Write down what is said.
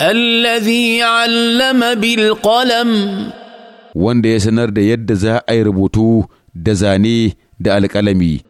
الذي علم بالقلم wanda ya sanar da yadda za a yi rubutu da zane da alƙalami